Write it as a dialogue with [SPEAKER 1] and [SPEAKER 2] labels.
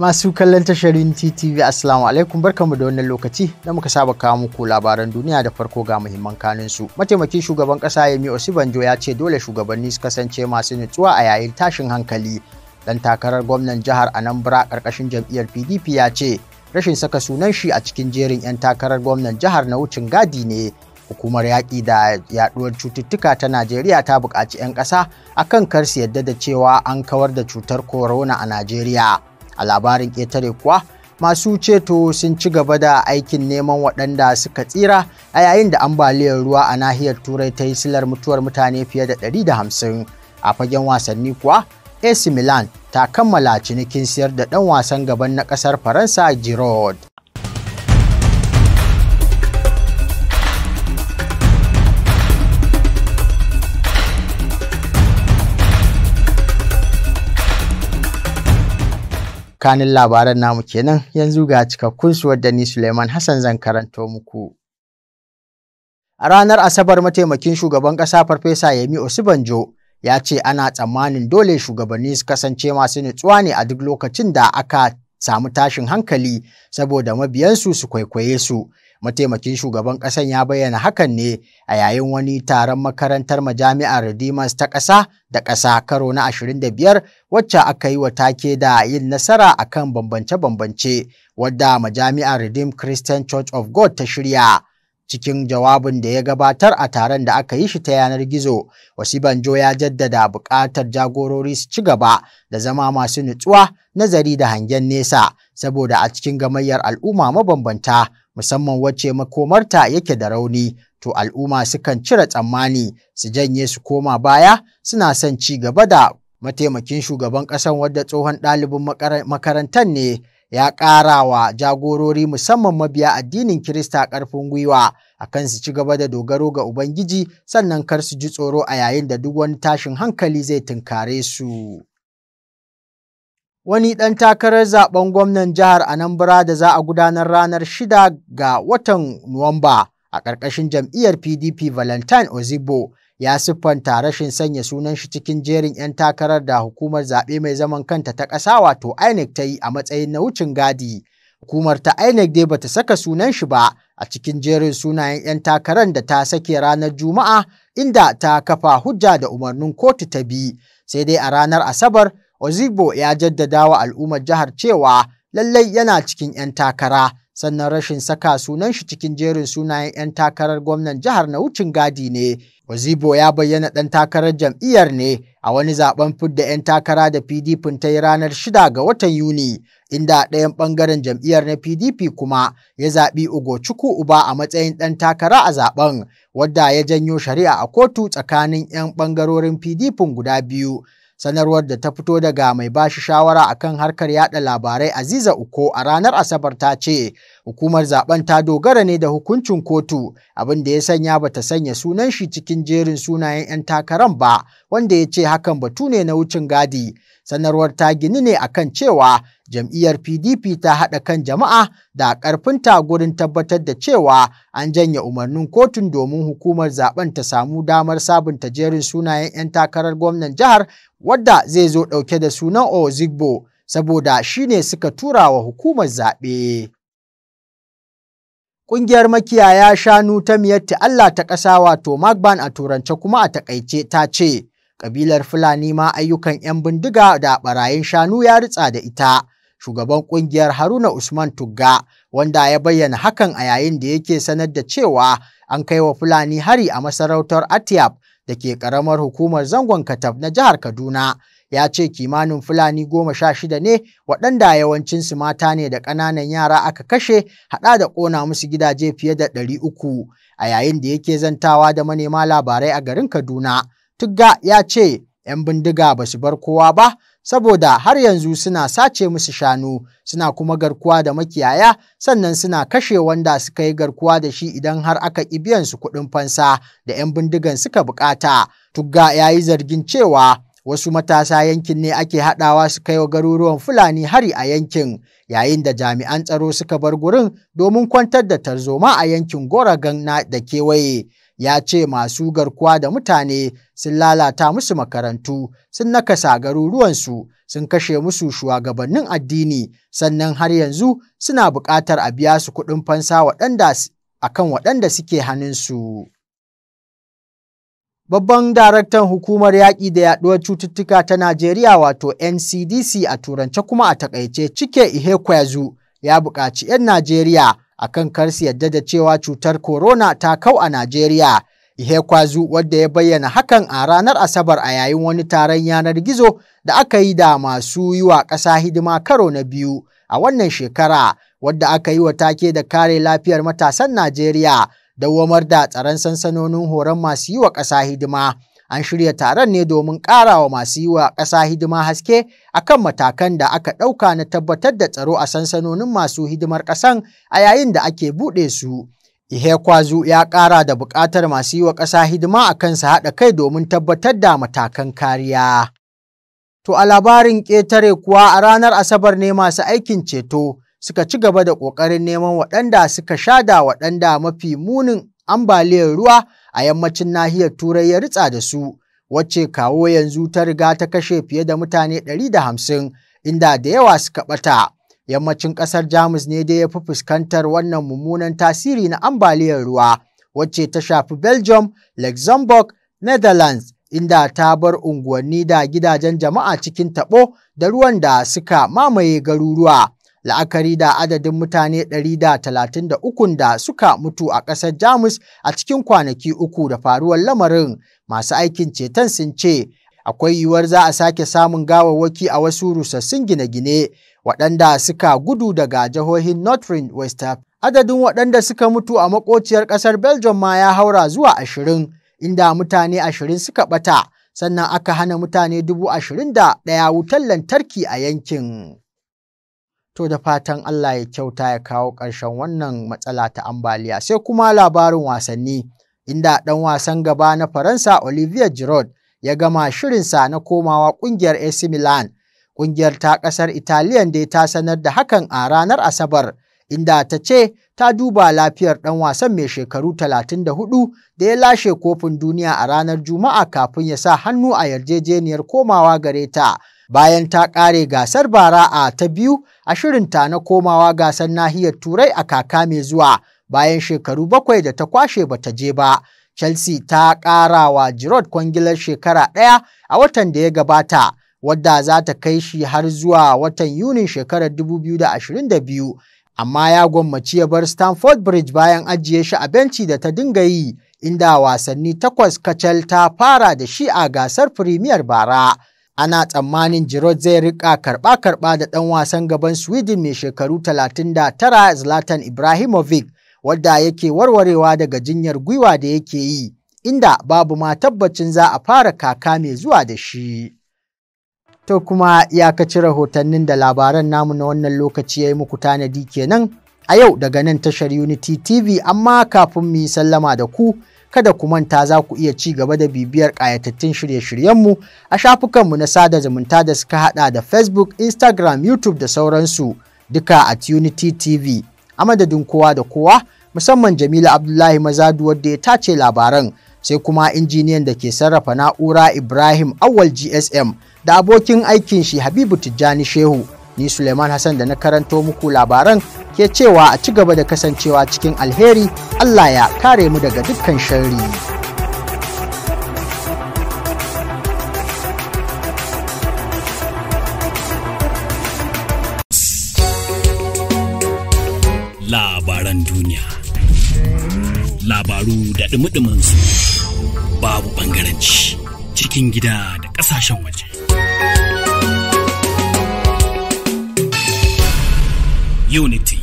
[SPEAKER 1] Masu kallon tasharin TTV Assalamu alaikum barkamu da wannan lokaci da muka saba kawo muku labaran duniya da farko ga muhimman kanin su. Mataimakin shugaban kasa Yemi Osibanjo ya ce dole shugabanni su kasance masu nutsuwa a yayin tashin hankali. Dan takarar gwamnan jihar Anambra karkashin jam'iyyar PDP ya ce rashin saka sunan shi a cikin jerin 'yan takarar gwamnan jihar na wucin gadi ne. Hukumar yaƙi da yaɗuwar cututtuka ta Najeriya ta buƙaci 'yan ƙasa akan kar su yadda da cewa an kawar da cutar corona a Najeriya. a labarin ƙetare kuwa masu ceto sun ci gaba da aikin neman waɗanda suka tsira a yayin da ambaliyar ruwa a nahiyar turai ta yi silar mutuwar mutane fiye da 150 a fagen wasanni kuwa AC Milan ta kammala cinikin siyar da ɗan wasan gaban na ƙasar Faransa Giroud. kanin labaran namu kenan yanzu ga cikakkun su wadda ni Suleiman Hassan zan karanto muku. A ranar Asabar mataimakin shugaban ƙasa Farfesa Yemi Osibanjo ya ce ana tsammanin dole shugabanni su kasance masu nutsuwa ne a duk lokacin da aka samu tashin hankali saboda mabiyansu su kwaikwaye su mataimakin shugaban ƙasan ya bayyana hakan ne a yayin wani taron makarantar majami'ar redeemers ta ƙasa da ƙasa karo na 25 wacce aka yi wa take da yin nasara akan bambance-bambance wadda majami'ar redeemed christian church of god ta shirya cikin jawabin da ya gabatar a taron da aka yi shi ta yanar gizo banjo ya jaddada buƙatar jagorori su ci gaba da zama masu nutsuwa nazari da hangen nesa saboda a cikin gamayyar al'umma mabambanta musamman wacce makomarta yake da rauni to al'umma sukan cire tsammani su janye su koma baya suna son ci gaba da mataimakin shugaban ƙasan wadda tsohon ɗalibin makarantar ne ya ƙara wa jagorori musamman mabiya addinin Kirista ƙarfin gwiwa a kan su ci gaba da dogaro ga Ubangiji sannan kar su ji tsoro a yayin da duk wani tashin hankali zai tunkare su. wani ɗan takarar zaben gwamnan jihar Anambra da za a gudanar ranar 6 ga watan Nuwamba a ƙarƙashin jam'iyyar PDP Valentine Ozibo ya siffanta rashin sanya sunan shi cikin jerin 'yan takarar da hukumar zaɓe mai zaman kanta ta ƙasa wato INEC ta yi a matsayin na wucin gadi. Hukumar ta INEC dai bata saka sunan shi ba a cikin jerin sunayen 'yan takarar da ta sake ranar Juma'a inda ta kafa hujja da umarnin kotu ta bi. Sai dai a ranar Asabar Ozigbo ya jaddada wa al'ummar jihar cewa lallai yana cikin 'yan takara sannan rashin saka sunan shi cikin jerin sunayen 'yan takarar gwamnan jihar na wucin gadi ne. Ozibo ya bayyana ɗan takarar jam'iyyar ne a wani zaben fidda 'yan takara da PDP ta yi ranar 6 ga watan Yuni, inda ɗayan ɓangaren jam'iyyar na PDP kuma ya zaɓi Ugochukwu Uba a matsayin ɗan takara a zaben, wadda ya janyo shari'a a kotu tsakanin 'yan ɓangarorin PDP guda biyu. sanarwar da ta fito daga mai bashi shawara a kan harkar yada labarai aziza uko a ranar asabar ta ce hukumar zaben ta dogara ne da hukuncin kotu abin da ya sanya bata sanya sunan shi cikin jerin sunayen 'yan takaran ba wanda ya ce hakan batu ne na wucin gadi Sanarwar ta gini ne a kan cewa jam'iyyar PDP ta haɗa kan jama'a da ƙarfinta gurin tabbatar da cewa an janye umarnin kotun domin hukumar zaben ta samu damar sabunta jerin sunayen 'yan takarar gwamnan jihar wadda zai zo ɗauke da sunan Ozigbo saboda shi ne suka tura wa hukumar zaɓe. Ƙungiyar makiyaya shanu ta miyatti Allah ta ƙasa wato Magban a turance kuma a takaice ta ce, Kabilar Fulani ma ayyukan 'yan bindiga da barayin shanu ya ritsa da ita. Shugaban kungiyar Haruna Usman Tugga wanda ya bayyana hakan a yayin da yake sanar da cewa an kai wa Fulani hari a masarautar Atiyaf da ke karamar hukumar zangon Katab na jihar Kaduna. Ya ce kimanin Fulani goma sha shida ne waɗanda yawancinsu mata ne da ƙananan yara aka kashe haɗa da ƙona musu gidaje fiye da ɗari uku a yayin da yake zantawa da manema labarai a garin Kaduna. Tugga ya ce ‘yan bindiga ba su bar kowa ba saboda har yanzu suna sace musu shanu suna kuma garkuwa da makiyaya sannan suna kashe wanda suka yi garkuwa da shi idan har aka ƙi biyan su kuɗin fansa da 'yan bindigan suka bukata. Tugga ya yi zargin cewa wasu matasa yankin ne ake haɗawa su kai wa garuruwan Fulani hari a yankin yayin da jami'an tsaro suka bar gurin domin kwantar da tarzoma a yankin Goragan na da kewaye. ya ce masu garkuwa da mutane sun lalata musu makarantu sun nakasa garuruwansu sun kashe musu shugabannin addini sannan har yanzu suna buƙatar a biya su kuɗin fansa a akan waɗanda suke hannunsu. Babban daraktan hukumar yaƙi da yaɗuwar cututtuka ta Najeriya wato NCDC a turance kuma a takaice cike kwazu ya buƙaci 'yan Najeriya akan kar su yadda da cewa cutar corona ta kau a Najeriya. Ihe kwazu wadda ya bayyana hakan a ranar Asabar a yayin wani taron yanar gizo da aka yi da masu yi wa ƙasa hidima karo na biyu a wannan shekara wadda aka yi wa take da kare lafiyar matasan Najeriya dawwamar da tsaron sansanonin horon masu yi wa ƙasa hidima. An shirya taron ne domin ƙara wa masu yi wa ƙasa hidima haske akan matakan da aka ɗauka na tabbatar da tsaro a sansanonin masu hidimar ƙasan a yayin da ake buɗe su. Ihe Kwazu ya ƙara da buƙatar masu yi wa ƙasa hidima a kansa haɗa kai domin tabbatar da matakan kariya. To a labarin ƙetare kuwa a ranar Asabar ne masu aikin ceto suka ci gaba da ƙoƙarin neman waɗanda suka shada waɗanda mafi munin ambaliyar ruwa a yammacin nahiyar Turai ya ritsa da su, wacce kawo yanzu ta riga ta kashe fiye da mutane 150 inda da yawa suka ɓata. Yammacin ƙasar Jamus ne dai ya fi fuskantar wannan mummunan tasiri na ambaliyar ruwa, wacce ta shafi Belgium, Luxembourg, Netherlands, inda ta bar unguwanni da gidajen jama'a cikin taɓo da ruwan da suka mamaye garuruwa. la'akari da adadin mutane 133 da suka mutu a ƙasar Jamus a cikin kwanaki uku da faruwar lamarin masu aikin ceton sun ce akwai yiwuwar za a sake samun gawawwaki a wasu rusassun gine-gine waɗanda suka gudu daga jihohin Northern West Adadin waɗanda suka mutu a makociyar ƙasar Belgium ma ya haura zuwa 20 inda mutane 20 suka ɓata, sannan aka hana mutane dubu da ɗaya wutar lantarki a yankin. To da fatan Allah ya kyauta ya kawo ƙarshen wannan matsala ta ambaliya. Sai kuma labarin wasanni inda ɗan wasan gaba na Faransa Olivier Giroud ya gama shirin sa na komawa ƙungiyar AC Milan. Ƙungiyar ta ƙasar Italiyan dai ta sanar da hakan a ranar Asabar inda ta ce ta duba lafiyar ɗan wasan mai shekaru 34 da ya lashe kofin duniya a ranar Juma'a kafin ya sa hannu a yarjejeniyar komawa gare ta. bayan ta kare gasar bara a ta biyu a shirinta na komawa gasar nahiyar turai a kaka mai zuwa bayan shekaru bakwai da ta kwashe bata je ba chelsea ta ƙara wa giroud kwangilar shekara ɗaya a watan da ya gabata wadda za ta kai shi har zuwa watan yunin shekarar 2022 amma ya gwammaci ya bar Stamford Bridge bayan ajiye shi a benci da ta dinga yi, inda wasanni takwas kacal ta fara da shi a gasar Premier bara. ana tsammanin Giroud zai rika karɓa-karɓa da ɗan wasan gaban Sweden mai shekaru 39 Zlatan Ibrahimovic wadda yake warwarewa daga jinyar gwiwa da yake yi, inda babu ma tabbacin za a fara kaka mai zuwa da shi. To kuma iyakaci rahotannin da labaran namu na wannan lokaci ya yi muku tanadi kenan a yau daga nan tashar Unity TV amma kafin mu yi sallama da ku. kada ku manta za ku iya ci gaba da bibiyar ƙayatattun shirye-shiryenmu a shafukanmu na sada zumunta da suka haɗa da facebook instagram youtube da sauransu duka a Tunity tv a madadin kowa da kowa musamman jamila abdullahi mazadu wadda ya tace labaran sai kuma injiniyan da ke sarrafa na'ura ibrahim awal gsm da abokin aikin shi habibu tijjani shehu ni suleiman hassan da na karanto muku labaran ke cewa a ci gaba da kasancewa cikin alheri Allah ya kare mu daga dukkan sharri. labaran duniya. Labaru da ɗumi su babu ɓangaranci cikin gida da ƙasashen waje. Unity